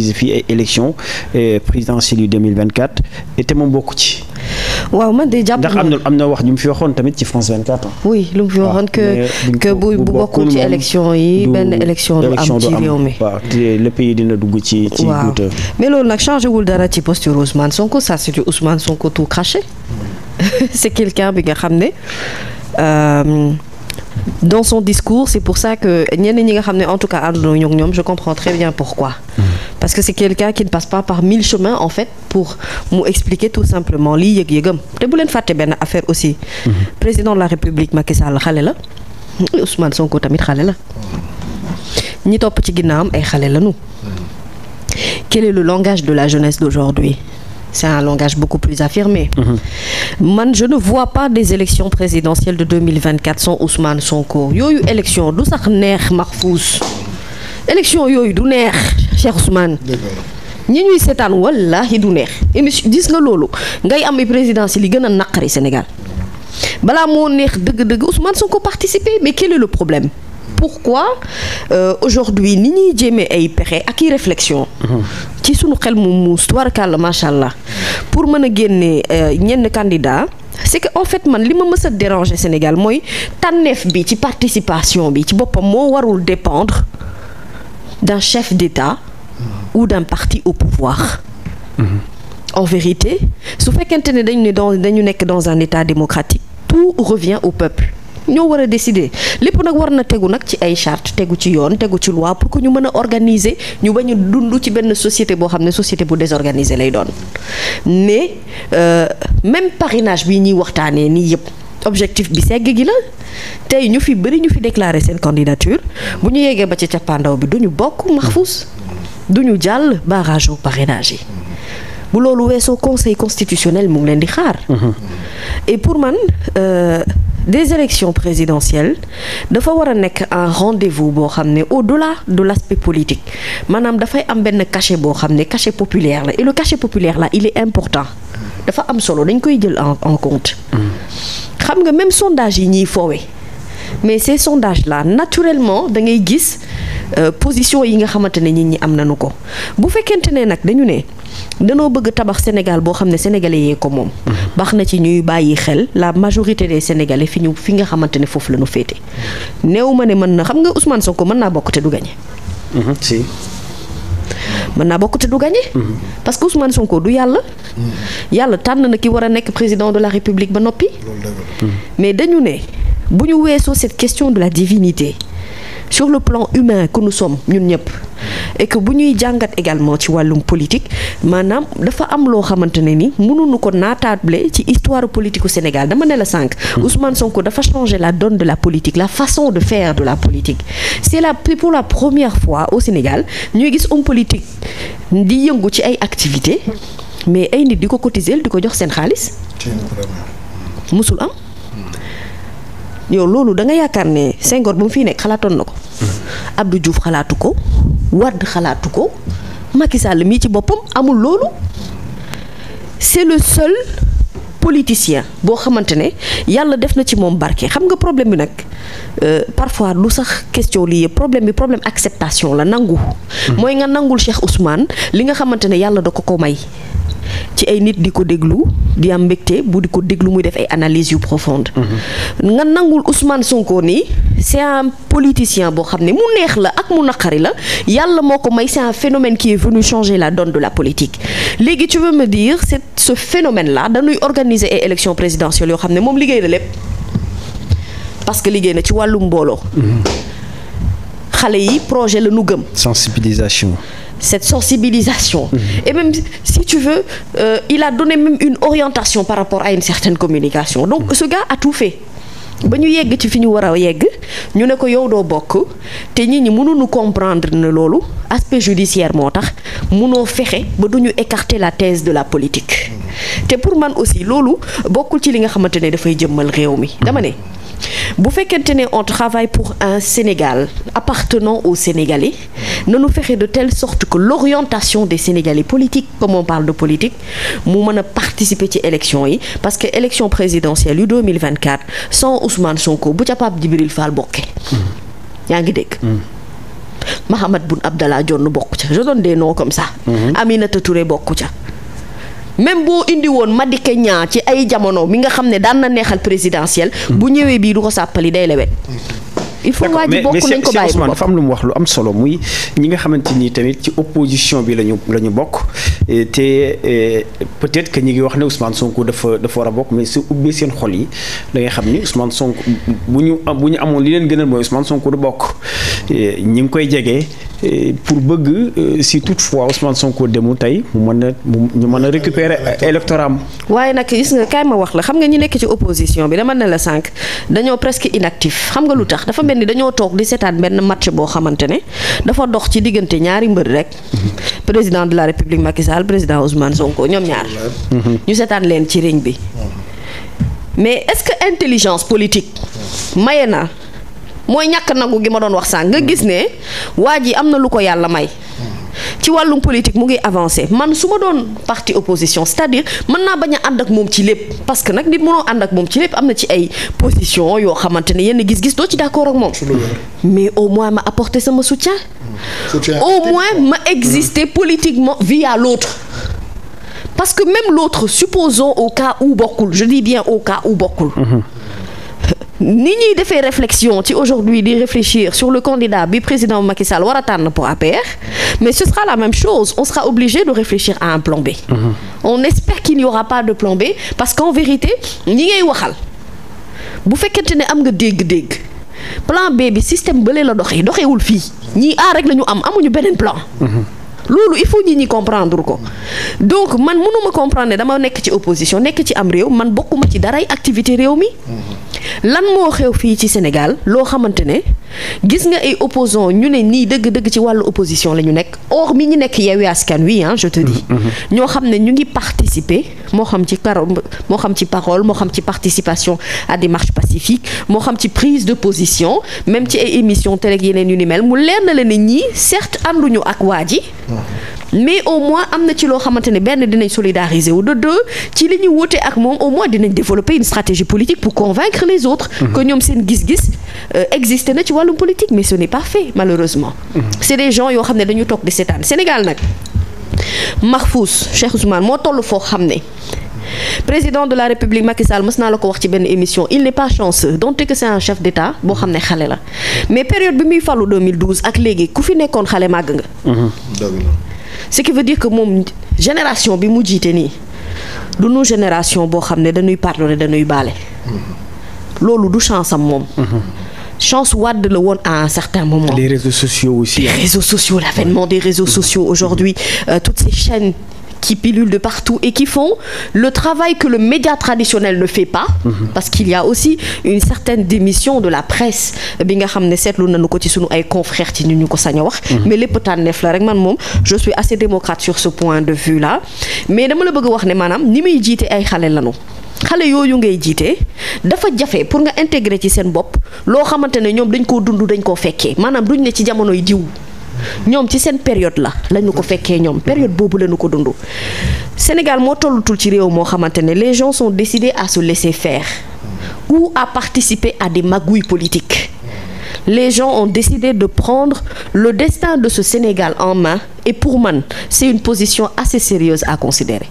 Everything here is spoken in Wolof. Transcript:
fii ay élection euh, présidentielle yu 2024 te moom bokk waaw man de jàpp am na am na wax ñu mu fi waxoon tamit ci France 24. oui lu mu fi waxoon que que bu bu bokkul ci élection yi le pays dina dugg ci ci. mais loolu nag changé wul dara ci posture Ousmane Sonko sa c'est Ousmane Sonko tout craché c'est quelqu'un bi nga xam ne. Euh, dans son discours c'est pour ça que ñenn ñi nga xam ne en tout cas àndandoo ñoom je comprends très bien pourquoi. Mm-hmm. parce que c'est quelqu'un qui ne passe pas par mille chemins en fait pour mu expliquer tout simplement lii yëg te bu leen fàtte benn affaire aussi. Mhm. président de la république Macky Sall xale la Ousmane Sonko tamit xale la ñi topp ci ginnaawam ay xale lañu. quel est le langage de la jeunesse d'aujourd'hui c'est un langage beaucoup plus affirmé mmh. man je ne vois pas des élections présidentielles de 2024 sans Ousmane Sonko yooyu élection du sax neex Mahfouz élection yooyu du neex Cheikh Ousmane. ñi ñuy seetaan wallaahi du neex émission gis nga loolu ngay am présidence li gën a naqari Sénégal balaa moo neex dëgg-dëgg Ousmane Sonko ko mais quel est lu problème pourquoi euh, aujourd'hui ni ñuy jéemee ay pexe ak i réflexion mm-hmm. ci sunu xel mu muus tubarkàlla macha allah pour mën a génne euh, ñenn candidat c'est que en fait man li ma mës a déranger Sénégal mooy tànneef bi ci participation bi ci boppam moo warul dépendre d'un chef d'État ou d'un parti au pouvoir mmh. en vérité su fekkente ne dañu ne dans dañu nekk dans un état démocratique tout revient au peuple ñoo war a décider lépp nag war na tegu nag ci ay charte tegu ci yoon tegu ci loi pour que ñu mën a organiser ñu bañ a dund ci benn société boo xam ne société bu désorganisée lay doon mais euh, même parrainage bii ñuy waxtaanee nii yëpp objectif bi segg gi la tey ñu fi bëri ñu fi déclarer seen candidature bu ñu yeggee ba ci cappaandaw bi du ñu bokk Mahfouz duñu jàll barrage au parrainage yi bu loolu weesoo conseil constitutionnel mu ngi leen di xaar et pour man euh, des élections présidentielles dafa war a nekk un rendez-vous boo xam ne au-delà de l'aspect politique maanaam dafay am benn cachet boo xam ne cachet populaire la et le cachet populaire la il est important dafa am solo dañ koy jël en en compte xam nga même sondage yi ñuy foowee mais ces sondages là naturellement da ngay gis Euh, position yi nga xamante ne nit ñi am nañu ko bu fekkente ne nag dañu ne danoo bëgg tabax Sénégal boo xam ne sénégalais yee ko moom. Mm-hmm. baax na ci ñuy bàyyi xel la majorité des sénégalais fi ñu fi nga xamante ne foofu la ñu féete. Mm-hmm. néew ma ne mën na xam nga Ousmane Sonko mën naa bokk te du gagné. Mm-hmm. si. mën naa bokk te du gagné. parce Sonko du yàlla. yàlla tànn na ki war a nekk président de la République ba noppi. mais dañu ne bu ñu weesoo cette question de la divinité. sur le plan humain que nous sommes ñun ñëpp et bu ñuy jàngat également ci wàllum politique maanaam dafa am loo xamante ne ni mënuñu ko naataable ci histoire politique Sénégal dama ne la sànq. Hmm. Ousmane Sonko dafa changer la donne de la politique la façon de faire de la politique c'est la pour la première fois au Sénégal ñuy gis homme politique di yëngu ci ay activités mais ay nit di ko cotiser di ko jox seen xaalis. mosul am. Hmm. yow loolu da nga yaakaar ne Senghor ba mu fii nekk xalaatoon na ko. Abdou Diouf xalaatu ko Wade xalaatu ko Macky Sall mii ci boppam amul loolu c'est le seul politicien boo xamante ne yàlla def na ci moom barke xam nga problème bi nag euh, parfois lu sax question lii yëpp problème bi problème acceptation la nangu. Hmm. mooy nga nangul Cheikh Ousmane li nga xamante ne yàlla da ko ko may. ci ay nit di ko déglu di am mbégte bu di ko déglu muy def ay analyses yu profonde hmm. nga nangul Ousmane Sonko nii c'est un politicien boo xam ne mu neex la ak mu naqari la yàlla moo ko may c'est un phénomène qui est venu changer la donne de la politique léegi tu veux me dire c'est ce phénomène là dañuy organiser ay élections présidentielles yoo xam ne moom liggéey na parce que liggéey na ci wàllum mbooloo. Mm-hmm. xale yi projet la nu gëm. sensibilisation. cette sensibilisation. Mm-hmm. et même si tu veux euh, il a donné même une orientation par rapport à une certaine communication donc mm-hmm. ce gars ba ñu yegg ci fi ñu war a yegg ñu ne ko yow doo bokk te nit ñi mënuñu comprendre ne loolu aspect judiciaire moo tax mënoo fexe ba du ñu écarter la thèse de la politique mm-hmm. te pour man aussi loolu bokkul ci li nga xamante ne dafay jëmmal réew mi dama ne bu fekkente ne on travaille pour un Sénégal appartenant aux na nu fexe de telle sorte que l'orientation des Sénégalais politique comme on parle de politique mu mën a participer ci élection yi parce que élection présidentielle yu 2024 sans Ousmane Sonko bu ca Pape Djibril Fall bokkee yaa ngi dégg mm. Mahammed Boun Abdallah Dionne bokk ca je donne des noms comme ça mm-hmm. Aminata Touré bokk ca même boo indi woon Madické Niang ci ay jamono mi nga xam ne daan na neexal présidentiel. bu ñëwee bii du ko sàppali day lewet il faut waa ji bokk nañ ko bàyyi mu wax lu am solo muy ñi nga xamante ni tamit ci opposition bi lañu la ñu bokk te peut-être que ñi ngi wax ne Ousmane Sonko dafa dafa war a bokk mais su ubbee seen xol yi da xam ni Ousmane Sonko bu ñu am bu ñu amoon li leen gënal mooy Ousmane Sonko du bokk ñi ngi koy jege. pour bëgg euh, si toutefois Ousmane Sonko demul tey mu mën a ñu mën a récupérer électorat am. waaye nag gis nga kaay ma wax la xam nga ñi nekk ci opposition bi dama ne la sànq dañoo presque inactif xam nga lu tax dafa mel ni dañoo toog di seetaan benn match boo xamante ne dafa dox ci diggante ñaari mbër rek président de la république Macky Sall président Ousmane Sonko ñoom ñaar. ñu seetaan leen ci riñ bi. mais est-ce que intelligence politique maye na mooy ñàkk nangu gi ma doon wax sànq nga gis ne waa ji am na lu ko yàlla may. ci wàllum politique mu ngi avancé man su ma doon parti opposition c'est-à-dire mën naa bañ a ànd ak moom ci lépp parce que nag nit mënoo ànd ak moom ci lépp am na ci ay position yoo xamante ne yenn gis-gis doo ci d'accord ak moom mais au moins ma apporter sama soutien au moins ma exister politiquement via l'autre parce que même l'autre supposons au cas ou bokkul je bien au cas où bokkul mm-hmm. ni ñuy defee réflexion ci aujourd'hui di réfléchir sur le candidat bi président Macky warataan war a tànn pour APR mais ce sera la même chose on sera obligé de réfléchir à un plan mhm. on espère qu'il n'y aura pas de plan parce qu'en vérité ñi ngay waxal bu fekkente ne am nga dégg-dégg plan bi système bële la doxee doxewul fii ñii A rek la ñu am amuñu beneen plan. Mhm. loolu il faut ñi ñi comprendre ko donc man mënuma comprendre ne dama nekk ci opposition nekk ci am réew man bokkuma ci daray activité réew mi. Mhm. lan moo xew fii ci Sénégal loo xamante ne gis nga ay opposants ñu ne nii dëgg-dëgg ci wàllu opposition la ñu nekk or mi ñu nekk Yewwi Askan Wi ah je te dis. Mm-hmm, mm-hmm. ñoo xam ne ñu ngi participer moo xam ci par moo xam ci parole moo xam ci participation à des marches pacifiques moo xam ci prise de position même ci ay émission télé yeneen yu ni mel mu leer na leen ne ñii certes ànduñu ak waa ji. Mm-hmm. mais au moins am na ci loo xamante ne benn dinañ solidariser wu de deux ci li ñu wute ak moom au moins dinañ développer une stratégie politique pour convaincre les autres. Mm-hmm. que ñoom seen gis-gis euh, existé na ci wàllum politique mais ce n'est pas fait malheureusement. Mm-hmm. c'est des gens yoo xam ne dañu toog di seetaan Sénégal nag Mahfouz Cheikh Ousmane moo toll foo xam ne. président de la république Macky Sall mës naa la ko wax ci benn émission il n'est pas chanceux donte que c'est un chef d'état boo xam ne xale la mais période bi muy falu 2012 ak léegi ku fi nekkoon xale màgg nga. Mm-hmm. ce qui veut dire que moom génération bi mu jiite nii du nu génération boo xam ne danuy pardonner danuy baale. Mm-hmm. loolu du chance am moom. Mm-hmm. chance Wade la woon à un certain moment. les réseaux sociaux aussi. les réseaux sociaux l'avènement des réseaux sociaux aujourd'hui euh, toutes ces chaînes. qui pilulent de partout et qui font le travail que le média traditionnel ne fait pas. Mhm. parce qu'il y aussi une certaine démission de la presse bi nga xam ne seetlu nañu ko ci suñu ay confrères ci ni ñu ko sañ a wax. Mhm. mais lépp tànneef la rek man moom je suis assez démocrate sur ce point de vue là mais dama la bëgg wax ne maanaam ni may jiite ay xale lanu xale yooyu ngay jiite dafa jafe pour nga intégrer ci seen bopp loo xamante ne ñoom dañ koo dund dañ koo fekkee maanaam duñ ne ci jamonoy diw. ñoom ci seen période la lañu ko fekkee ñoom période boobu lañu ko dund Sénégal moo tollutul ci réew moo xamante ne les gens sont décidés à se laisser faire ou à participer à des magouilles politiques les gens ont décidé de prendre le destin de ce Sénégal en main et pour man c'est une position assez sérieuse à considérer.